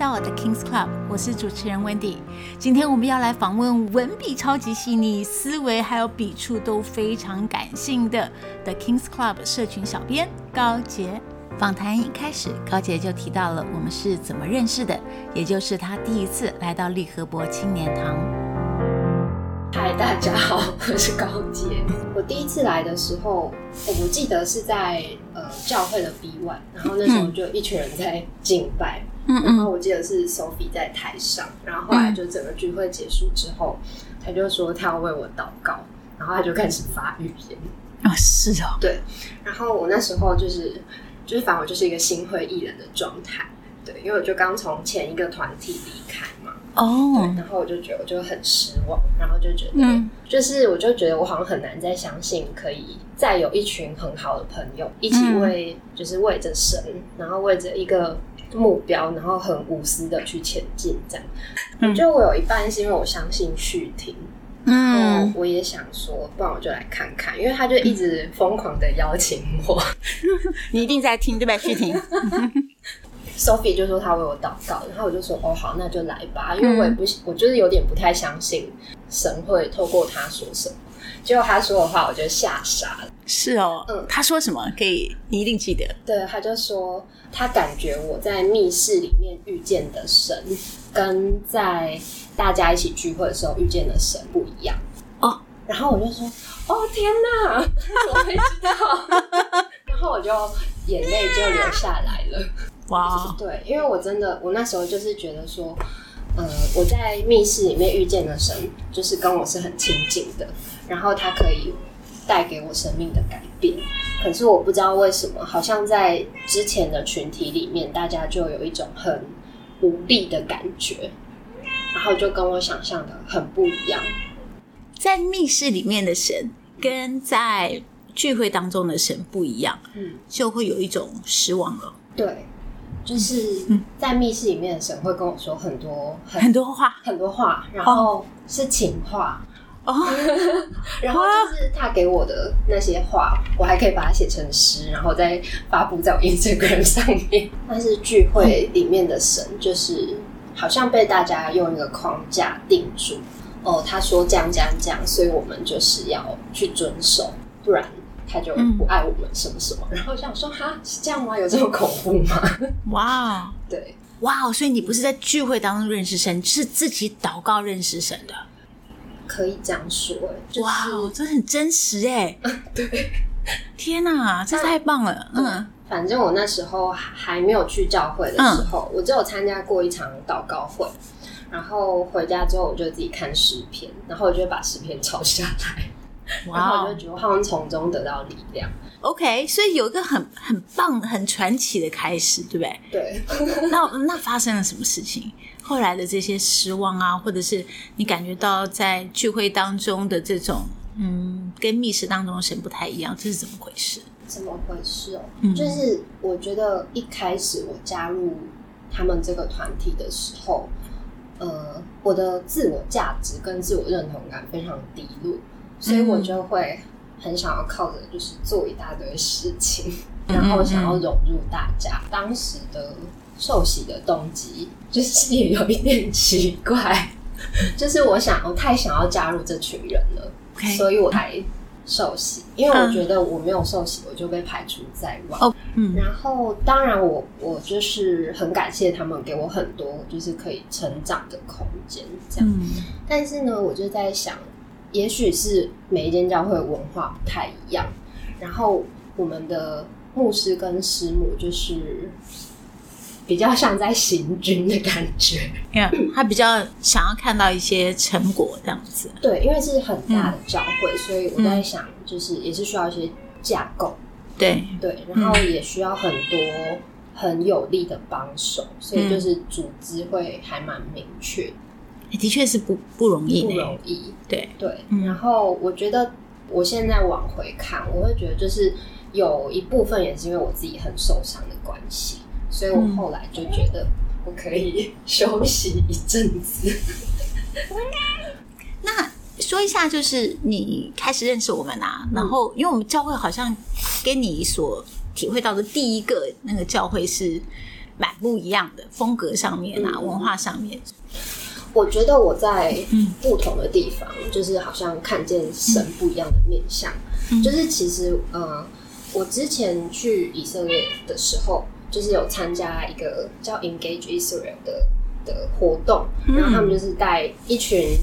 到 The King's Club，我是主持人 Wendy。今天我們要來訪問文筆超級細膩、思維還有筆觸都非常感性的 The King's Club 社群小編高倢。訪談一開始，高倢就提到了我們是怎麼認識的，也就是他第一次來到利和博青年堂。嗨，大家好，我是高倢。 我第一次來的時候，我記得是在、呃、教會的 B1，然後那時候就一群人在敬拜。嗯，然後我記得是 Sophie 在台上，嗯、然後後來就整個聚會結束之後，他、嗯、就說他要為我禱告，然後他就開始發語言啊、嗯嗯哦，是哦，對，然後我那時候就是就是反正我就是一個心灰意冷的狀態，對，因為我就剛從前一個團體離開嘛，哦對，然後我就覺得我就很失望，然後就覺得，嗯、就是我就覺得我好像很難再相信可以再有一群很好的朋友一起為、嗯、就是為着神，然後為着一個。目標，然後很無私的去前進，這樣。嗯、就我有一半是因為我相信續婷，嗯、哦，我也想說，不然我就來看看，因為他就一直瘋狂的邀請我。你一定在聽對吧，續婷 ？Sophie 就說他為我禱告，然後我就說哦好，那就來吧，因為我也不，嗯、我就是有點不太相信神會透過他說什麼。就他說的話，我就嚇傻了。是哦，嗯，他說什麼？可以，你一定記得。對，他就說他感覺我在密室裡面遇見的神，跟在大家一起聚會的時候遇見的神不一樣。哦，然後我就說：“哦天哪，我沒知道。” 然後我就眼淚就流下來了。哇，對，因為我真的，我那時候就是覺得說，呃，我在密室裡面遇見的神，就是跟我是很親近的。然後他可以帶給我生命的改變，可是我不知道為什麼，好像在之前的群體裡面，大家就有一種很無力的感覺，然後就跟我想象的很不一樣。在密室裡面的神跟在聚會當中的神不一樣，嗯，就會有一種失望了。對，就是在密室裡面的神會跟我說很多很，很多話，很多話，然後是情話。哦哦，oh, 然後就是他給我的那些話，oh. 我還可以把它寫成詩，然後再發布在我 Instagram 上面。但是聚會裡面的神，就是好像被大家用一個框架定住。哦，他說這樣這樣這樣，所以我們就是要去遵守，不然他就不愛我們什麼什麼。嗯、然後想說，哈，是這樣嗎？有這麼恐怖嗎？哇，Wow. 對，哇，wow, 所以你不是在聚會當中認識神，是自己禱告認識神的？可以這樣說、欸，就是、哇，這很真實哎、欸嗯！對，天哪、啊，這太棒了！嗯，嗯反正我那時候還沒有去教會的時候，嗯、我只有參加過一場禱告會，然後回家之後我就自己看詩篇，然後我就把詩篇抄下來，Wow 然後我就覺得他們從中得到力量。OK，所以有一個很很棒、很傳奇的開始，對不對？對。 那那發生了什麼事情？後來的這些失望啊，或者是你感覺到在聚會當中的這種，嗯，跟密室當中的神不太一樣，這是怎麼回事？怎麼回事哦？嗯，就是我覺得一開始我加入他們這個團體的時候，呃，我的自我價值跟自我認同感非常低落，所以我就會很想要靠着，就是做一大堆事情，然後想要融入大家。嗯嗯嗯，當時的。受洗的動機就是也有一點奇怪， 就是我想我太想要加入這群人了，Okay. 所以我才受洗，因為我覺得我沒有受洗，Huh. 我就被排除在外。Oh, 嗯。然後當然我我就是很感謝他們給我很多就是可以成長的空間，這樣。嗯。但是呢，我就在想，也許是每一間教會文化不太一樣，然後我們的牧師跟師母就是。比較像在行軍的感覺， 嗯、 他比較想要看到一些成果這樣子。對，因為是很大的教會，嗯、所以我在想，就是也是需要一些架構。對、嗯、對，然後也需要很多很有力的幫手，所以就是組織會還蠻明確、嗯，欸。的確是不，不容易，不容易，不容易。對對，嗯、然後我覺得我現在往回看，我會覺得就是有一部分也是因為我自己很受傷的關係。所以我後來就覺得我可以休息一陣子。那說一下，就是你開始認識我們啊，嗯、然後因為我們教會好像跟你所體會到的第一個那個教會是蠻不一樣的風格上面啊，嗯、文化上面。我覺得我在不同的地方，嗯、就是好像看見神不一樣的面相。嗯、就是其實，呃，我之前去以色列的時候。就是有參加一個叫 Engage Israel 的的活動，嗯、然後他們就是帶一群、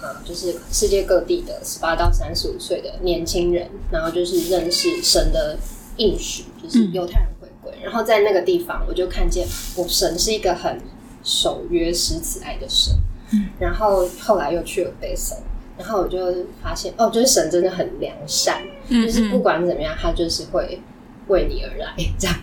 呃、就是世界各地的十八到三十五歲的年輕人，然後就是認識神的應許，就是猶太人回歸。嗯、然後在那個地方，我就看見我神是一個很守約、施慈愛的神。嗯、然後後來又去了北神，然後我就發現哦，就是神真的很良善，就是不管怎麼樣，他就是會。為你而來，這樣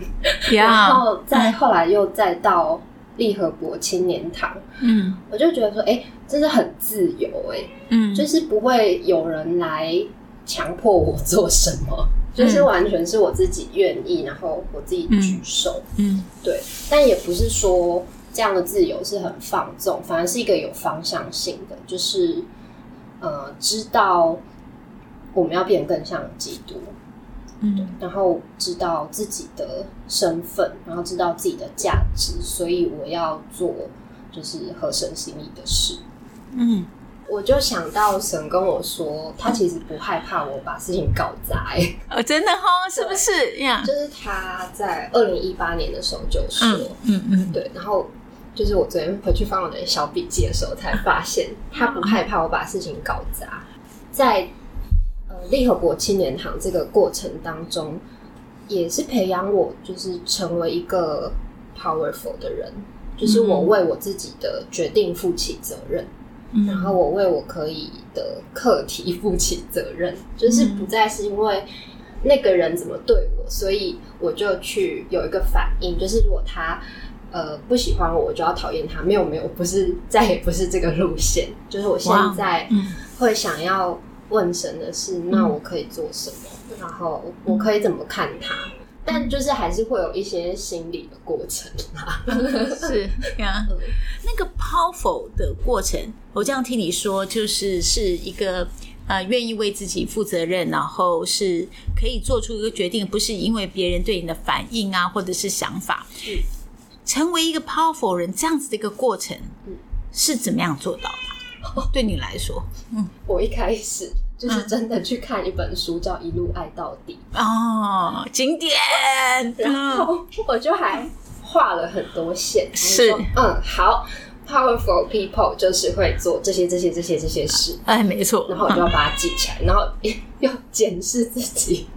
，yeah, 然後再後來又再到利河伯青年堂，嗯，我就覺得說，哎、欸，真的很自由、欸，哎，嗯，就是不會有人來強迫我做什麼，就、嗯、是完全是我自己願意，然後我自己舉手，嗯，對，但也不是說這樣的自由是很放縱，反而是一個有方向性的，就是，呃，知道我們要變更像基督。嗯對，然後知道自己的身份，然後知道自己的價值，所以我要做就是合神心意的事。嗯，我就想到神跟我說，他其實不害怕我把事情搞砸、欸。哦，真的哈、哦？是不是呀、Yeah.？就是他在二零一八年的時候就說，嗯嗯，嗯嗯對。然後就是我昨天回去翻我的小筆記的時候，才發現、嗯、他不害怕我把事情搞砸，在。立合國青年堂這個過程當中，也是培養我，就是成為一個 powerful 的人，嗯嗯，就是我為我自己的決定負起責任，嗯嗯，然後我為我可以的課題負起責任，嗯嗯，就是不再是因為那個人怎麼對我，所以我就去有一個反應，就是如果他呃不喜歡我，我就要討厭他，沒有沒有，不是再也不是這個路線，就是我現在會想要。問神的事，那我可以做什麼？嗯、然後我可以怎麼看他？嗯、但就是還是會有一些心理的過程啊、嗯。 是呀，那個 powerful 的過程，我這樣聽你說，就是是一個呃願意為自己負責任，然後是可以做出一個決定，不是因為別人對你的反應啊，或者是想法。是成為一個 powerful 人，這樣子的一個過程，嗯、是怎麼樣做到的？哦、對你來說。嗯，我一開始就是真的去看一本書，叫《一路愛到底》啊、哦，經典。然後我就還畫了很多線，是嗯，好，powerful people 就是會做這些、這些、這些、這些事。啊、哎，沒錯。然後我就要把它記起來，嗯、然後要檢視自己，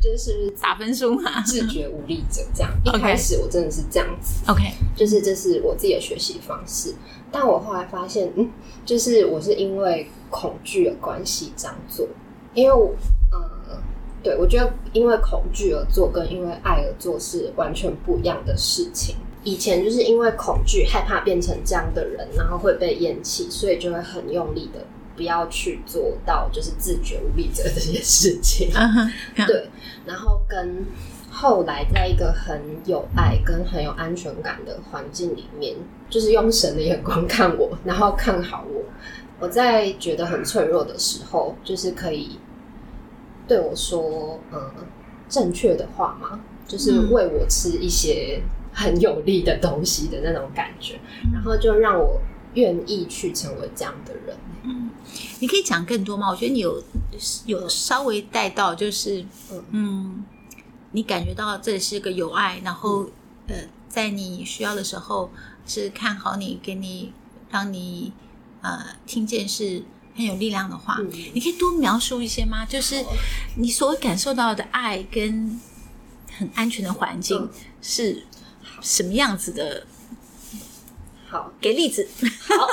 就是打分數嘛，自覺無力者這樣。一開始我真的是這樣子，OK，就是這是我自己的學習方式。但我後來發現，嗯，就是我是因為恐懼的關係這樣做，因為我，呃，對，我覺得因為恐懼而做跟因為愛而做是完全不一樣的事情。以前就是因為恐懼，害怕變成這樣的人，然後會被厭棄，所以就會很用力的不要去做到，就是自覺無力的這些事情。對，然後跟。後來在一個很有愛跟很有安全感的環境裡面，就是用神的眼光看我，然後看好我。我在覺得很脆弱的時候，就是可以對我說“呃，正確的話”嘛，就是餵我吃一些很有利的東西的那種感覺，然後就讓我願意去成為這樣的人。嗯，你可以講更多嗎？我覺得你有有稍微帶到，就是嗯。你感覺到這裡是一個有愛，然後，嗯、呃，在你需要的時候是看好你，給你讓你呃聽見是很有力量的話。嗯、你可以多描述一些嗎？好就是你所感受到的愛跟很安全的環境是什麼樣子的？好、嗯，給例子。好， 好，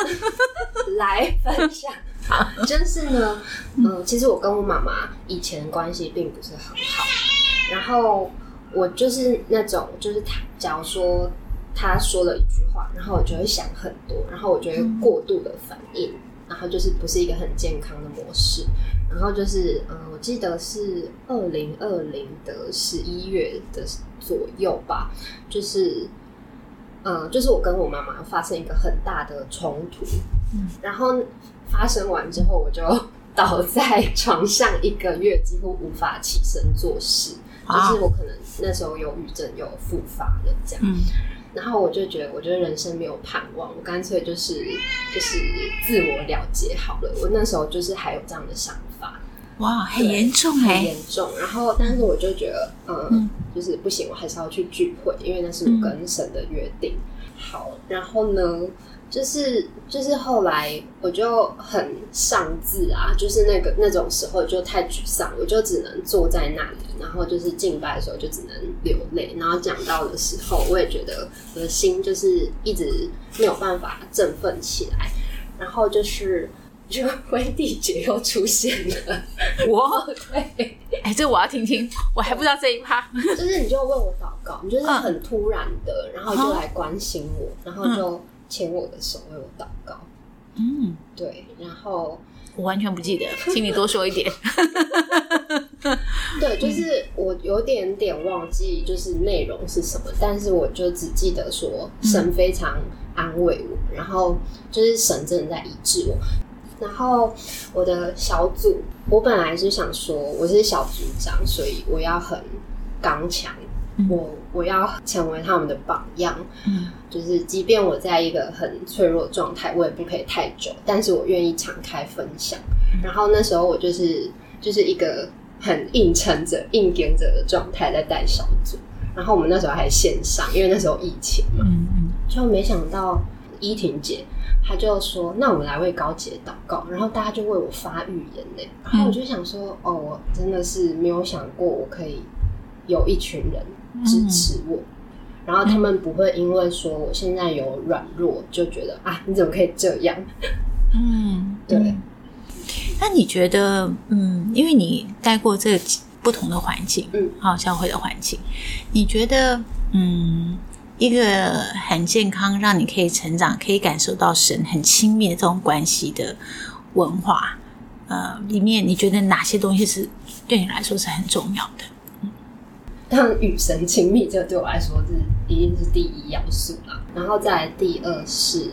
來分享。好，就是呢，嗯、呃，其實我跟我媽媽以前關係並不是很好。好然後我就是那種，就是他，假如說他說了一句話，然後我就會想很多，然後我就會過度的反應，嗯、然後就是不是一個很健康的模式。然後就是，嗯、呃，我記得是二零二零的十一月的左右吧，就是，嗯、呃，就是我跟我媽媽發生一個很大的衝突，嗯、然後發生完之後，我就倒在床上一個月，幾乎無法起身做事。好就是我可能那時候憂鬱症又復發了這樣，嗯、然後我就覺得，我覺得人生沒有盼望，我乾脆就是就是自我了結好了。我那時候就是還有這樣的想法，哇，對很嚴重哎、欸，很嚴重。然後，但是我就覺得，嗯，嗯，就是不行，我還是要去聚會，因為那是我跟神的約定。嗯、好，然後呢？就是就是後來我就很喪志啊，就是那個那種時候就太沮喪，我就只能坐在那裡，然後就是敬拜的時候就只能流淚，然後講道的時候我也覺得我的心就是一直沒有辦法振奮起來，然後就是就威地姐又出現了，我對，哎、欸，這我要聽聽，對我還不知道這一趴，就是你就為我禱告，你就是很突然的，嗯、然後就來關心我，然後就，嗯牽我的手，為我禱告。嗯，對。然後我完全不記得，請你多說一點。 對，就是我有點點忘記，就是內容是什麼，但是我就只記得說神非常安慰我，嗯、然後就是神真的在醫治我。然後我的小組，我本來是想說我是小組長，所以我要很剛強。我我要成為他們的榜樣，嗯、就是即便我在一個很脆弱的狀態，我也不可以太久，但是我願意敞開分享。嗯、然後那時候我就是就是一個很硬撐着、硬頂著的狀態在帶小組。然後我們那時候還線上，因為那時候疫情嘛，嗯嗯、就沒想到依婷姐她就說：“那我們來為高姐禱告。”然後大家就為我發預言嘞。然後我就想說：“嗯、哦，我真的是沒有想過我可以有一群人。”支持我，嗯，然後他們不會因為說我現在有軟弱，嗯，就覺得啊，你怎麼可以這樣？嗯，對。那你覺得，嗯，因為你待過這幾不同的環境，嗯，好，教會的環境，你覺得，嗯，一個很健康，讓你可以成長，可以感受到神很親密的這種關係的文化，呃，裡面你覺得哪些東西是對你來說是很重要的？像與神親密，這個對我來說是一定是第一要素啦。然後再來第二是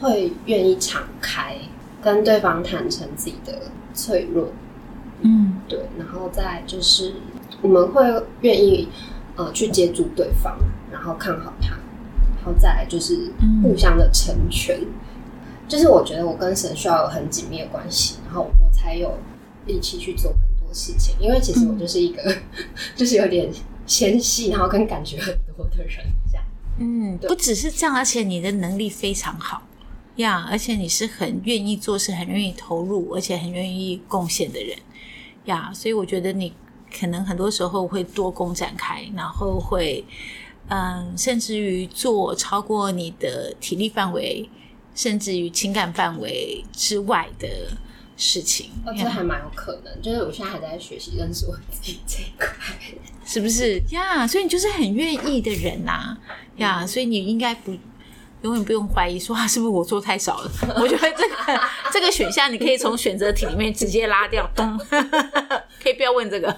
會願意敞開跟對方坦誠自己的脆弱，嗯，對。然後再來就是我們會願意呃去接觸對方，然後看好他，然後再來就是互相的成全。嗯，就是我覺得我跟神需要有很緊密的關係，然後我才有力氣去做。事情，因為其實我就是一個，嗯、 就是有點纖細，然後跟感覺很多的人，這樣。嗯，對不只是這樣，而且你的能力非常好呀，yeah, 而且你是很願意做事、很願意投入，而且很願意貢獻的人呀。Yeah, 所以我覺得你可能很多時候會多工展開，然後會嗯，甚至於做超過你的體力範圍，甚至於情感範圍之外的。事情，我覺得還蠻有可能。就是我現在還在學習認識我自己這一塊，是不是呀？Yeah, 所以你就是很願意的人吶、啊，呀、yeah, 嗯，所以你應該不永遠不用懷疑說，說、啊、是不是我做太少了？ 我覺得這個這個選項，你可以從選擇題裡面直接拉掉。咚、嗯， 可以不要問這個，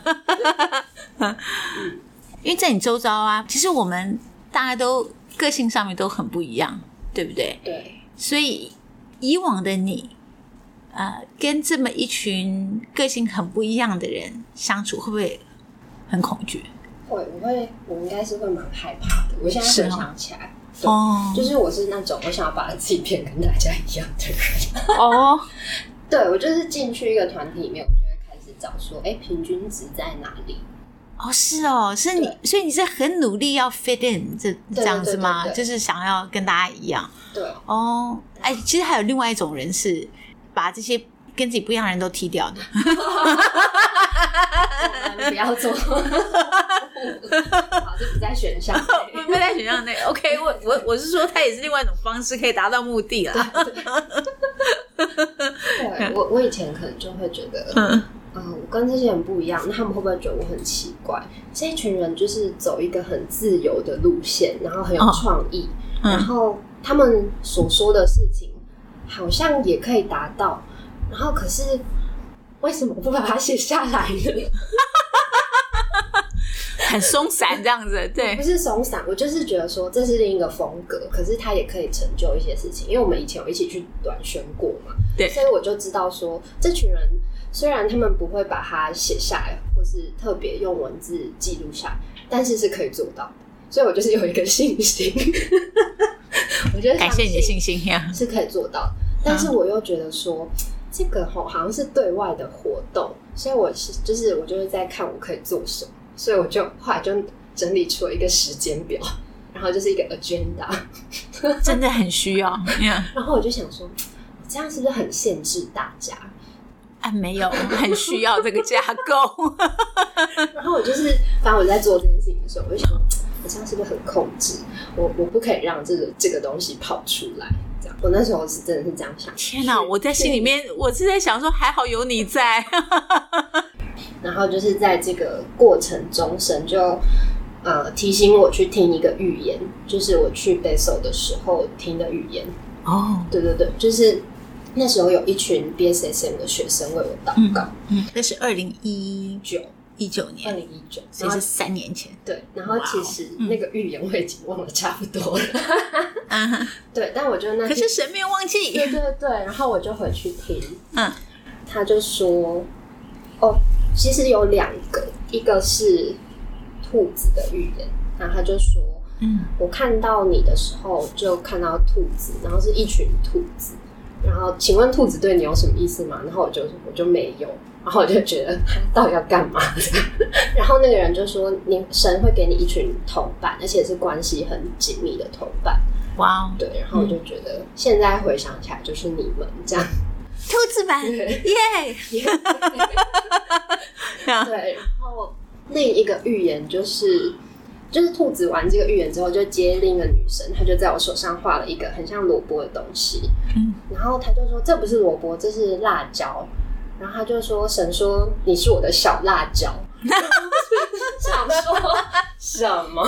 因為在你周遭啊，其實我們大家都個性上面都很不一樣，對不對？對，所以以往的你。呃，跟這麼一群個性很不一樣的人相處，會不會很恐懼？會，我會，我應該是會蠻害怕的。我現在想起來，哦，對哦，就是我是那種我想要把自己變跟大家一樣的人。哦，對，我就是進去一個團體裡面，我就會開始找說，哎、欸，平均值在哪裡？哦，是哦，所以你對所以你是很努力要 fit in 這這樣子嗎？對對對對，就是想要跟大家一樣。對，哦，哎，其實還有另外一種人是，把這些跟自己不一樣的人都踢掉的 呢，你不要做。 好，就不在選項，不 在選項內。OK，我我我是說，他也是另外一種方式可以達到目的了。我我以前可能就會覺得，嗯、呃，我跟這些人不一樣，那他們會不會覺得我很奇怪？這一群人就是走一個很自由的路線，然後很有創意，哦嗯、然後他們所說的事情，好像也可以達到，然後可是為什麼不把它寫下來呢？ 很鬆散這樣子，對，不是鬆散，我就是覺得說這是另一個風格，可是它也可以成就一些事情。因為我們以前有一起去短宣過嘛，對，所以我就知道說這群人雖然他們不會把它寫下來，或是特別用文字記錄下來，但是是可以做到，所以我就是有一個信心。 我覺得感謝你的信心呀，是可以做到。但是我又覺得說，這個吼、哦、好像是對外的活動，所以我是就是我就是在看我可以做什麼，所以我就後來就整理出了一個時間表，然後就是一個 agenda，真的很需要。 然後我就想說，這樣是不是很限制大家？啊，沒有，很需要這個架構。 然後我就是，反正我在做這件事情的時候，我就想。這樣是不是很控制我？我不可以讓這個這個東西跑出來，這樣。我那時候是真的是這樣想。天哪！我在心裡面，對我是在想說，還好有你在。 然後就是在這個過程中，神就呃提醒我去聽一個預言，就是我去 Bethel 的時候聽的預言。哦，對對對，就是那時候有一群 BSSM 的學生為我禱告，嗯，嗯，那是二零一九。一九年，二零一九，所以是三年前。對，然後其實那個預言我已經忘了差不多了。對，但我就那，可是誰沒有忘記。對對對，然後我就回去聽。嗯，他就說：“哦，其實有兩個，一個是兔子的預言。然後他就說：‘嗯，我看到你的時候就看到兔子，然後是一群兔子。然後請問兔子對你有什麼意思嗎？’然後我就我就沒有。”然後我就覺得他到底要幹嘛？然後那個人就說：“你神會給你一群同伴，而且是關係很緊密的同伴。”哇 Wow, 對。然後我就覺得，現在回想起來就是你們這樣，兔子版。耶！對。然後另一個預言就是，就是兔子玩這個預言之後，就接另一個女神，她就在我手上畫了一個很像蘿蔔的東西。Okay. 然後他就說：“這不是蘿蔔，這是辣椒。”然後他就說：“神說你是我的小辣椒。” 想說什麼？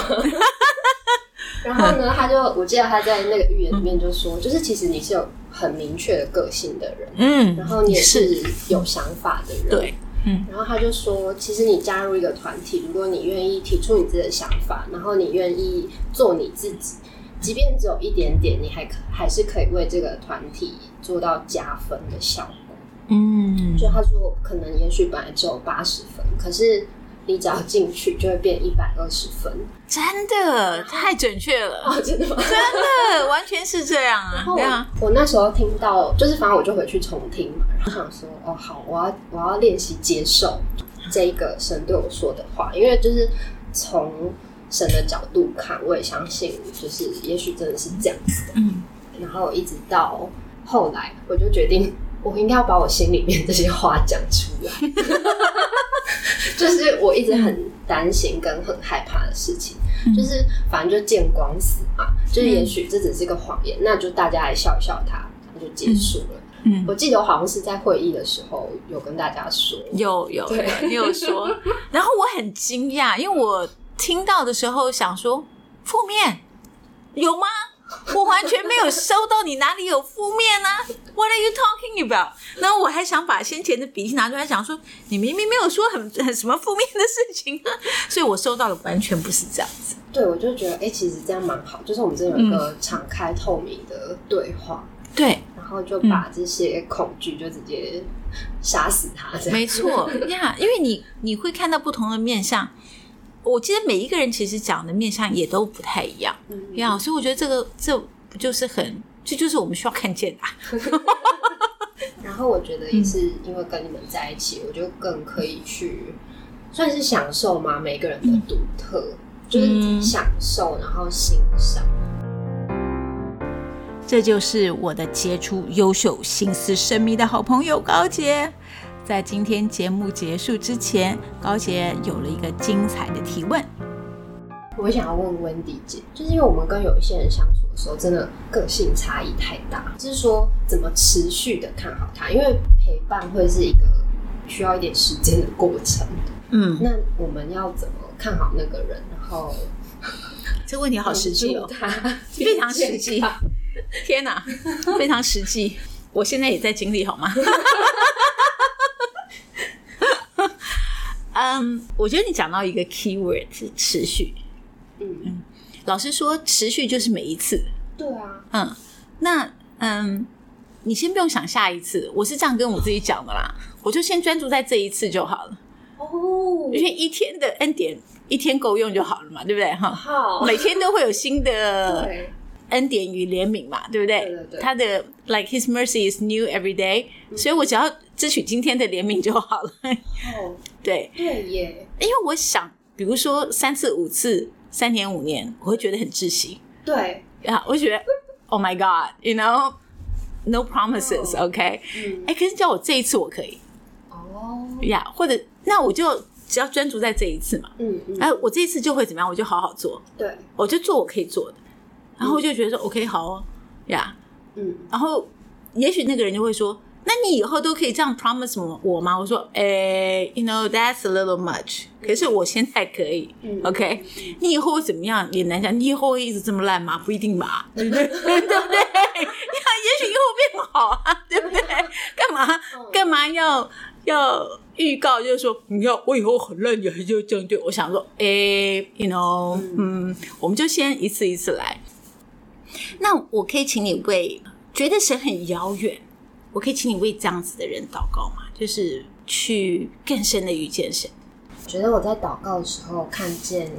然後呢？他就我記得他在那個預言裡面就說：“嗯、就是其實你是有很明確的個性的人，嗯，然後你也是有想法的人，對，嗯。”然後他就說：“其實你加入一個團體，如果你願意提出你自己的想法，然後你願意做你自己，即便只有一點點，你還可還是可以為這個團體做到加分的效果。”嗯，就他說，可能也許本來只有八十分，可是你只要進去，就會變一百二十分。真的，太準確了，哦，真的嗎？真的，完全是這樣啊！對啊，我那時候聽到，就是反正我就回去重聽嘛，然後想說，哦，好，我要我要練習接受這個神對我說的話，因為就是從神的角度看，我也相信，就是也許真的是這樣子的。嗯，然後一直到後來，我就決定。我應該要把我心裡面這些話講出來， 就是我一直很擔心跟很害怕的事情，就是反正就見光死嘛，就是也許這只是個謊言，那就大家來笑一笑他，它就結束了。嗯，我記得我好像是在會議的時候有跟大家說有，有有對 你有說，然後我很驚訝，因為我聽到的時候想說，負面有嗎？我完全沒有收到你哪裡有負面呢？What are you talking about？然後我還想把先前的筆記拿出來想說，你明明沒有說很很什麼負面的事情，所以我收到的完全不是這樣子。對，我就覺得哎、欸，其實這樣蠻好，就是我們這有一個敞開透明的對話。對、嗯，然後就把這些恐懼就直接殺死它，這樣子、嗯、沒錯呀，因為你你會看到不同的面相。我記得每一個人其實講的面相也都不太一樣，嗯嗯、所以我覺得這個這不就是很，這就是我們需要看見的、啊。 然後我覺得也是因為跟你們在一起，我就更可以去、嗯、算是享受嘛，每個人的獨特，嗯、就是享受然後欣賞。嗯、這就是我的傑出、優秀、心思深密的好朋友高倢。在今天節目結束之前，高倢有了一個精彩的提問。我想要問溫迪姐，就是因為我們跟有一些人相處的時候，真的個性差異太大，就是說怎麼持續的看好他，因為陪伴會是一個需要一點時間的過程。嗯，那我們要怎麼看好那個人？然後，這問題好實際喔、他非常實際哦、 啊，非常實際。天哪，非常實際。我現在也在經歷，好嗎？ 嗯，um, 我覺得你講到一個 keyword 是持續，嗯，老師說持續就是每一次，對啊，嗯，那嗯，um, 你先不用想下一次，我是這樣跟我自己講的啦，哦、我就先專注在這一次就好了，哦，因為一天的恩典一天夠用就好了嘛，嗯、對不對哈？好，每天都會有新的恩典與憐憫嘛，對，對不對？對，對，對他的 like his mercy is new every day，嗯、所以我只要，只取今天的憐憫就好了。對對耶，因為我想，比如說三次、五次、三年、五年，我會覺得很窒息。對呀，我覺得 Oh my God，you know，no promises，OK。嗯，哎，可是叫我這一次我可以。哦，呀，或者那我就只要專注在這一次嘛。嗯嗯。哎，我這一次就會怎麼樣？我就好好做。對。我就做我可以做的，然後我就覺得說 OK，好哦，呀，嗯，然後也許那個人就會說。那你以後都可以這樣 promise 我嗎？我說，哎、欸、，you know that's a little much。可是我現在可以、嗯、，OK？你以後會怎麼樣？也難講。你以後會一直這麼爛嗎？不一定吧，對不對？對不對？你看，也許以後變好啊，對不對？幹嘛幹嘛要要預告？就是說，你要，我以後很爛也，你就這樣對我想說，哎、欸、，you know，嗯，嗯我們就先一次一次來。那我可以請你為覺得神很遙遠我可以請你為這樣子的人禱告嗎？就是去更深的遇見神。覺得我在禱告的時候看見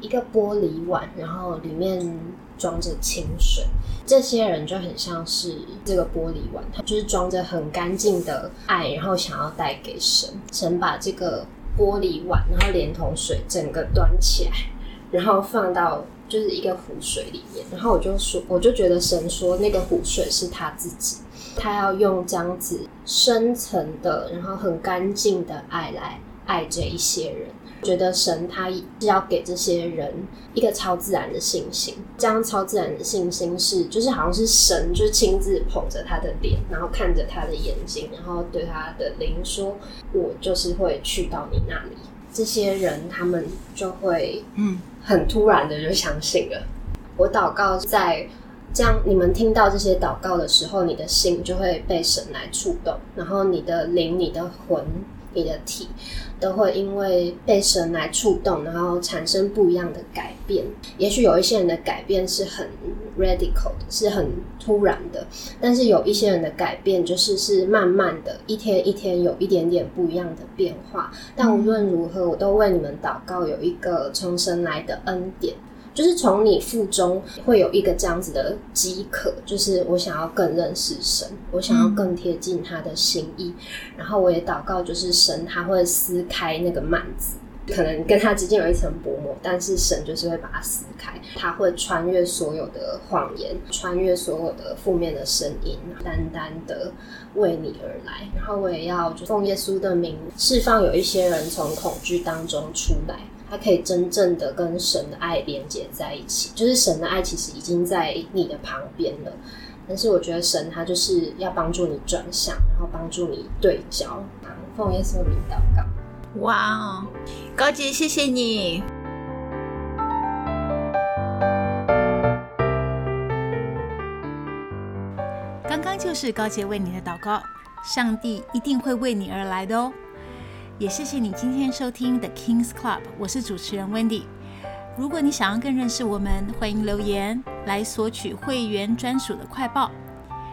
一個玻璃碗，然後裡面裝着清水。這些人就很像是這個玻璃碗，它就是裝着很乾淨的愛，然後想要帶給神。神把這個玻璃碗，然後連同水整個端起來，然後放到就是一個湖水裡面。然後我就說，我就覺得神說那個湖水是他自己。他要用這樣子深層的，然後很乾淨的愛來愛這一些人，我覺得神他是要給這些人一個超自然的信心，這樣超自然的信心是就是好像是神就親自捧着他的臉，然後看着他的眼睛，然後對他的靈說：“我就是會去到你那裡。”這些人他們就會嗯，很突然的就相信了。我禱告在，像你們聽到這些禱告的時候，你的心就會被神來觸動，然後你的靈、你的魂、你的體都會因為被神來觸動，然後產生不一樣的改變。也許有一些人的改變是很 radical 的，是很突然的，但是有一些人的改變就是是慢慢的，一天一天有一點點不一樣的變化。但無論如何，我都為你們禱告，有一個從神來的恩典。就是從你腹中會有一個這樣子的飢渴，就是我想要更認識神，我想要更貼近他的心意。嗯。然後我也禱告，就是神他會撕開那個幔子，可能跟他之間有一層薄膜，但是神就是會把它撕開，他會穿越所有的謊言，穿越所有的負面的聲音，單單的為你而來。然後我也要就奉耶穌的名釋放，有一些人從恐懼當中出來。他可以真正的跟神的愛連接在一起，就是神的愛其實已經在你的旁邊了。但是我覺得神他就是要幫助你轉向，然後幫助你對焦。然後奉耶穌名禱告。哇哦，高倢，謝謝你。剛剛就是高倢為你的禱告，上帝一定會為你而來的哦。也謝謝你今天收聽 The King's Club，我是主持人 Wendy。如果你想要更認識我們，歡迎留言來索取會員專屬的快報。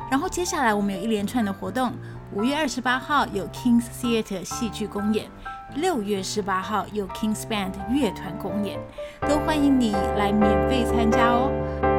然後接下來我們有一連串的活動，五月二十八號有 King's Theatre 戲劇公演，六月十八號有 King's Band 樂團公演，都歡迎你來免費參加哦。